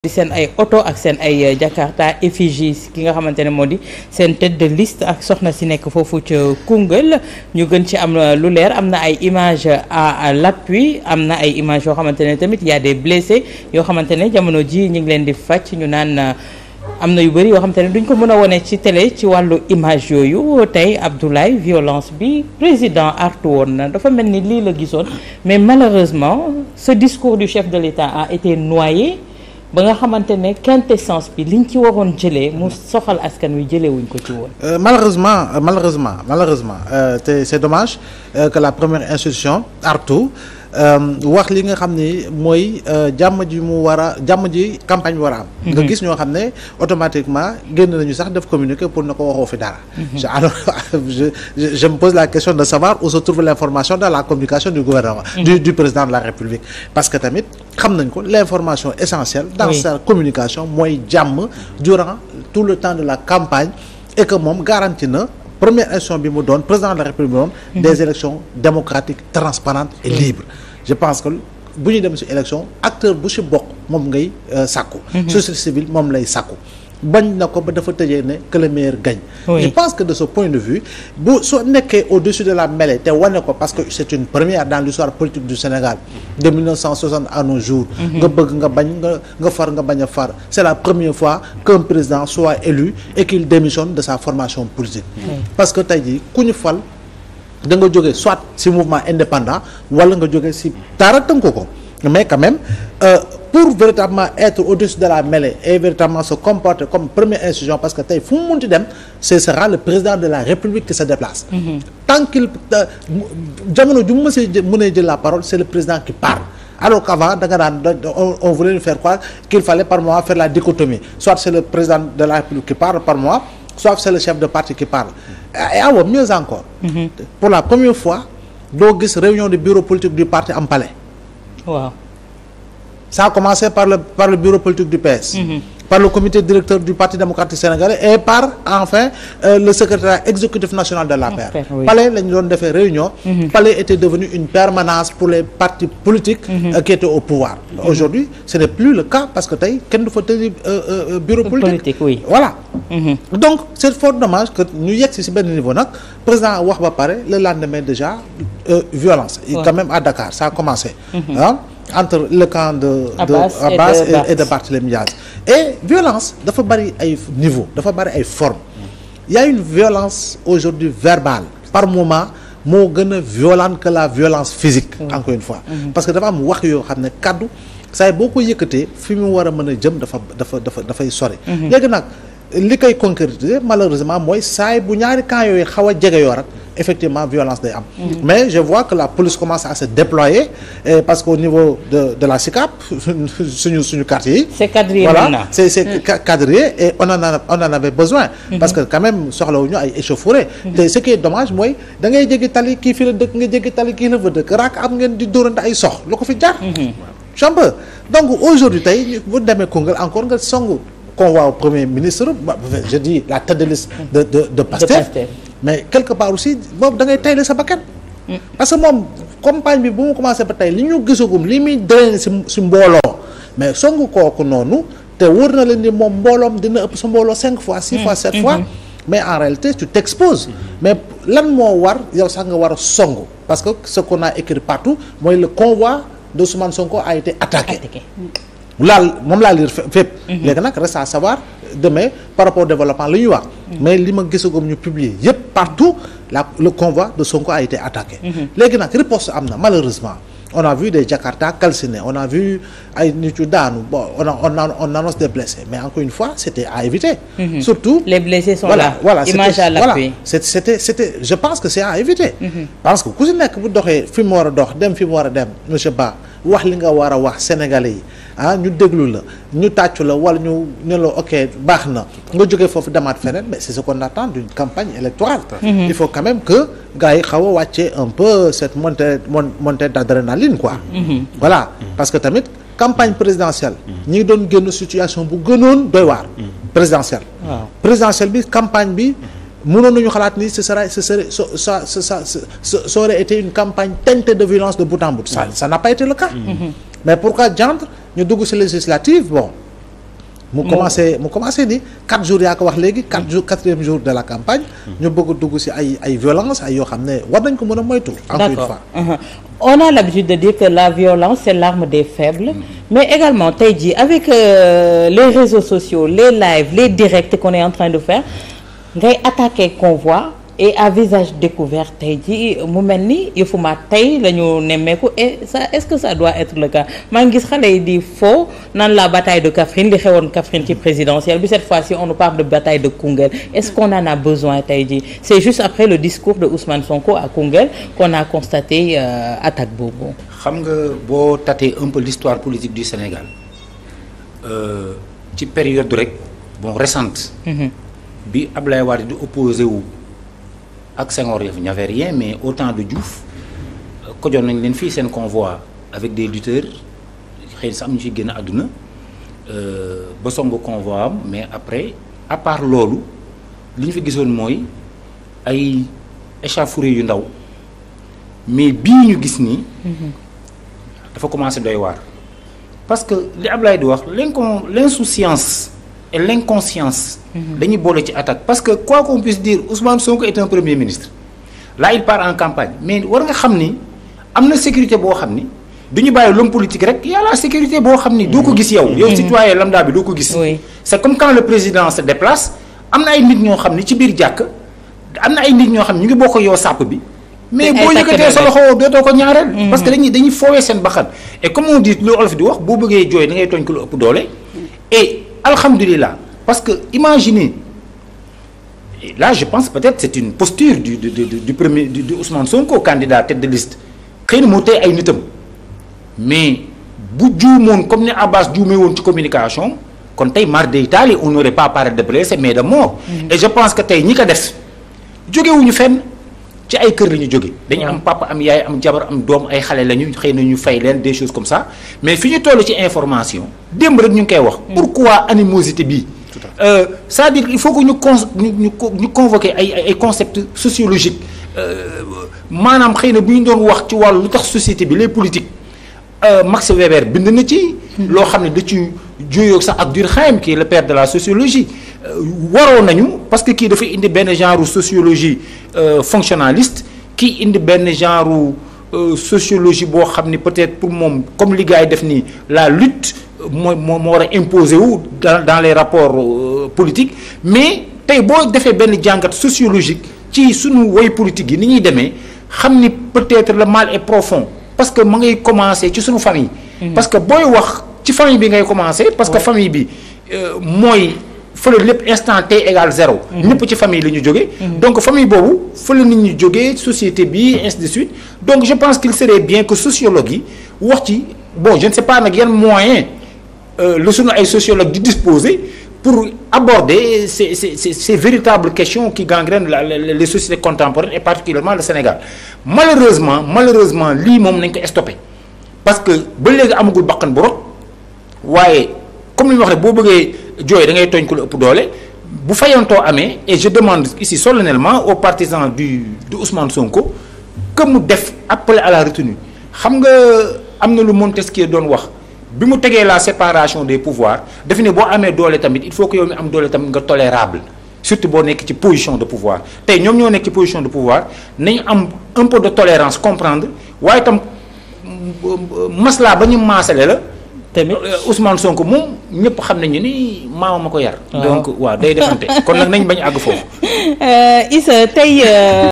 di seen ay oto ak seen ay euh, Jakarta effigie ki nga xamante ne moo di seen tête de ak soxna si nekk foofu ca Koungheul ñu gën ci am euh, lu leer am na ay image à l'appui am na ay image yoo xamante ne tamit y de des yoo xamante ne jamono ji ñu ngi leen di faj ñu naan euh, am na yu bëri yoo xamante ne duñ ko mën a wone ci télé ci wàllu image yooyu tey Abdoulaye violence bi président artu woon na dafa mel ni lii la gisoon mais malheureusement ce discours du chef de l'État a été noyé ba nga xamante ne quintessence bi liñ ci waroon jëlee mu soxal askan wi jëlee wuñ ko ci woon. Euh, malheureusement euh, malheureusement malheureusement euh, te c'est dommage euh, que la première institution artu Euh, wax li nga xam ni mooy euh, jàmm ji mu war a jàmm ji campagne bi war am. Mhm. nga gis ñoo xam ne automatiquement génn nañu sax def communiqué pour ne ko waxoo fi dara. Mhm. alors je me pose la question de savoir où se trouve l'information dans la communication du gouvernement. Mhm. du du président de la République. parce que tamit xam nañ ko l'information essentielle. dans sa communication mooy jàmm durant tout le temps de la campagne et que moom garanti na. première élection bi mu doon président de la république mu doon mhm. des élections démocratiques transparentes et libres je pense que bu ñu dem ci élection acteur bu ci bokk moom ngay euh, sàkku mhm. société civile moom lay sàkku bañ na ko ba dafa tëjee ne que le meilleur gagne je pense que de ce point de vue bu soo nekkee au-dessus de la mêlée te wane ko parce que c'est une première dans l'histoire politique du Sénégal mhm. nga bëgg nga bañ nga far nga bañ a far c'est la première fois qu'un président soit élu et qu'il de sa formation politique parce que tey jii ku ñu fal da jóge soit ci mouvement indépendant wala nga jóge ci dara tënk ko mais quand euh, pour véritablement être au-dessus de la mêlée et véritablement se comporter comme première institution parce que tey fu mu munti dem ce sera le président de la République qui se déplace mm-hmm. tant qu'il euh, jamono ju mu mënee la parole c'est le président qui parle alors qu'avant da daan on voulait nous faire croire qu'il fallait par mois faire la dichotomie soit c'est le président de la République qui parle par mois soit c'est le chef de parti qui parle ça a commencé par le bureau politique du PS. Mm-hmm. par le comité directeur du parti démocratique sénégalais et par enfin euh, le secrétaire exécutif national de l'APR. Ah, oui. la ñu doon réunion. Mmh. était devenu une permanence pour les partis politiques. Mmh. qui étaient au pouvoir. Mm-hmm. aujourd'hui ce n'est plus le cas parce que tey kenn du fa tëj euh, bureau politique. voilà. Mm-hmm. donc c'est fort dommage que ñu yegg si si benn niveau wax ba pare lendemain déjà a commencé. Ah. entre le camp de Abbas, de, Abbas et, de et, et violence dafa bari ay niveau dafa bari ay forme il y a une violence aujourd'hui verbale par moment moo gën a violente que la violence physique mmh. encore mm-hmm. parce que dafa am wax yoo xam ne kaddu saay boo ko yëkkatee fi mu war a mën a jëm dafa dafa dafa dafay sore mm-hmm. léegi nag li koy concrétiser malheureusement mooy saay bu ñaari camps yooyu a jege yoo rek effectivement violence day am. Mm-hmm. mais je vois que la police commence à se déployer et parce que au niveau de de la SICAP suñu suñu quartier yi. c'est quadrillé voilà c'est c'est mm. quadrillé et on en a on en avait besoin. Mm-hmm. parce que quand même soxlawuñu ay échauffourées. Mm-hmm. te ce qui est dommage mooy da ngay jéggi tali kii fi la dëkk nga jéggi tali kii la fa dëkk raak am ngeen di dóorante ay sox lu ko fi jar. chambre donc aujourd'hui tey bu demee Koungheul encore convoi au premier ministre je dis la tête de liste mais quelque part aussi boobu da ngay tayle sa bakkan mm. parce que moom compagne bi bu mu commencé ba tey li ñu gisagum li muy drainer si si mbooloo mais songu kooku noonu te wóor na leen ni moom mbooloom dina ëpp sa mbooloo cinq fois six mm. fois sept mm-hmm. fois mais en réalité tu t'exposes mm-hmm. mais lan moo war yow sax nga war a songu parce que ce qu'on a écrit partout mooy le convoi de Ousmane Sonko a été attaqué laal moom laa liir fépp mhm. léegi nag reste savoir demain par rapport développement la ñuy wax mhm. mais li ma gisagum ñu publier yëpp partout la le convoi de Sonko a été attaqué mhm. léegi nag riposte am na malheureusement on a vu des Jakarta calcinés on a vu ay nit yu daanu bon on a on a on annonce mais encore une fois c'était à éviter. surtout les blessés sont voilà, là c'était c'était je pense que c'est à éviter. parce que ku si nekk bu doxee fi war a dox dem fi wax li nga war a wax sénégalais yi. ah ñu déglu la ñu tàccu la wala ñu ne la ok baax na nga jógee foofu demaat feneen mais c'est ce qu'on attend d'une campagne électorale mmh. il faut quand même que gars yi xaw a wàcce un peu cette montée montée quoi mmh. parce que tamit campagne présidentielle ñi doon génn situation bu gënoon doy waar présidentielle présidentielle bi campagne bi mënoon nañu xalaat ni ce sera ce serait ce ça ce ça ça aurait été une campagne teintée de violence de bout en bout ça ça n'a ñu dugg si législative bon. mu commencé mu commencé ni quatre jours yaa ko wax léegi quatre mm. jours quatrième jour de la campagne. Mm. ñu bëgg dugg si ay ay violence ay yoo xam ne war nañ ko mën a moytu. encore une fois uh-huh. on a l'habitude de dire que la violence c'est l'arme des faibles. Mm. mais également tey jii avec euh, les réseaux sociaux les lives les directs qu'on est en train de faire ngay attaquer convoi. et à visage découvert tey ji mu mel ni yëfu ma tey la ñu nemmeeku et ça est-ce que ça doit être le cas maa gis xale yi di fo naan la bataille de Kaffrine li xewoon Kaffrine ci présidentielle bi cette fois-ci on nous parle de bataille de Koungheul est-ce qu'on en a besoin tey ji c'est juste après le discours de Ousmane Sonko à Koungheul qu'on a constaté euh, attaque boobu. xam nga boo tâtee un peu l'histoire politique du Sénégal euh, ci période rek bon récente. Mm-hmm. bi Ablaye Wade di opposé wu. ak Senghor il n'y mais au temps de Diouf kojoon nañ leen fii seen convoi avec des lutteurs xëy sax am ñu ci génn àdduna euh, ba songu am mais après à part loolu li ñu fi gisoon mooy ay échauffourées yu ndaw mais bii ñu gis nii. Mhm. dafa commencé doy waar. parce que li Ablaye di wax l'incon l'insouciance et l'inconscience dañuy boole ci attaque parce que quoi qu'on puisse dire Ousmane Sonko est un premier ministre là il part en campagne mais war nga xam ni am na sécurité boo xam ni du ñu bàyyi l'homme politique rek yàlla sécurité boo xam ni doo ko gis yow yow citoyen lambda bi doo ko gis c'est comme quand le président se déplace am na ay nit ñoo xam ni ci biir jàkk am na ay nit ñoo xam ne ñu ngi ko yow sàpp bi mais boo yëkkatee sa loxo dootoo ko ñaareel mm-hmm. parce que dañuy dañuy foowee seen baxan comme on di wax boo bëggee jooy da ngay tooñ doole alhamdulillah parce que imaginez et là je pense peut-être c'est une posture du du du du premier du, du Sonko candidat de liste xëy na moo tey ay nitam mais bu juumoon comme ni Abbas juumee woon ci communication kon tey mar day taali on n'aurait pas parlé de blessé mais de mort. Mm je pense que tey ñi ko des jógewuñu fenn. ci ay kër la ñu jóge dañu am papa am yaay am jabar am doom ay xale la ñu xëy na ñu fay leen des choses comme ça mais fi ñu toll ci information démb rek ñu ngi koy wax mm. pourquoi animosité bi euh, c'est-à-dire il faut que ñu con ñu ñu convoquer ay ay concepts sociologiques euh, maanaam xëy na bu ñu doon wax ci wàll lu tax société bi les politiques euh, Max Weber bind na ci mm. loo xam ne da ci jóyoog sax ak Durkheim qui kii le per de la sociologie Euh, waroo nañu parce que kii dafay indi benn genre sociologie euh, fonctionnaliste kii indi benn genre euh, sociologie boo xam ni peut-être pour moom comme li yi def nii la lutte mooy moo moo war a imposer wu dans dans rapport rapports politiques mais tey boo defee benn jàngat sociologique ci suñu woy politique yi ni ñuy demee xam ni peut-être le mal est profond parce que ma ngay commencer ci suñu famille. Mm-hmm. parce que booy wax ci famille bi ngay commencer. parce que famille bi mooy. fële lépp instant t égal zéro. Mhm. ñëpp ci famille la ñu jógee. Mhm. donc famille boobu fële nit ñi jógee société bi mhm. ainsi de suite donc je pense qu'il serait bien que sociologue yi wax ci bon je ne sais pas nag yan moyen lu suñu ay sociologue di disposer pour aborder ces ces ces véritable question questions qui la la les sociétés contemporaines et particulièrement le Sénégal malheureusement malheureusement lii moom nañ ko stoppé parce que ba léegi amagul bakkan bu rot waaye comme li wax boo bëggee. jooy da ngay tooñ ku la ëpp doole bu fayantoo amee et je demande ici solennellement au partisans du du Ousmane Sonko que mu def appel à la retenue xam nga am na lu Montesquieu doon wax bi mu tegee la séparation de pouvoirs daf ne boo amee doole tamit il faut que yow mi am doole tamit nga tolérable surtout boo nekk ci position de pouvoir tey ñoom ñoo nekk ci position de pouvoir nañu am un peu de tolérance comprendre waaye tam masla ba ñu maasale la. tamit euh, Ousmane Sonko moom ñëpp xam nañu ni maama ma ko yar. donc waaw day defante kon nag nañ bañ àgg foofu. Euh, Issa tey. Euh,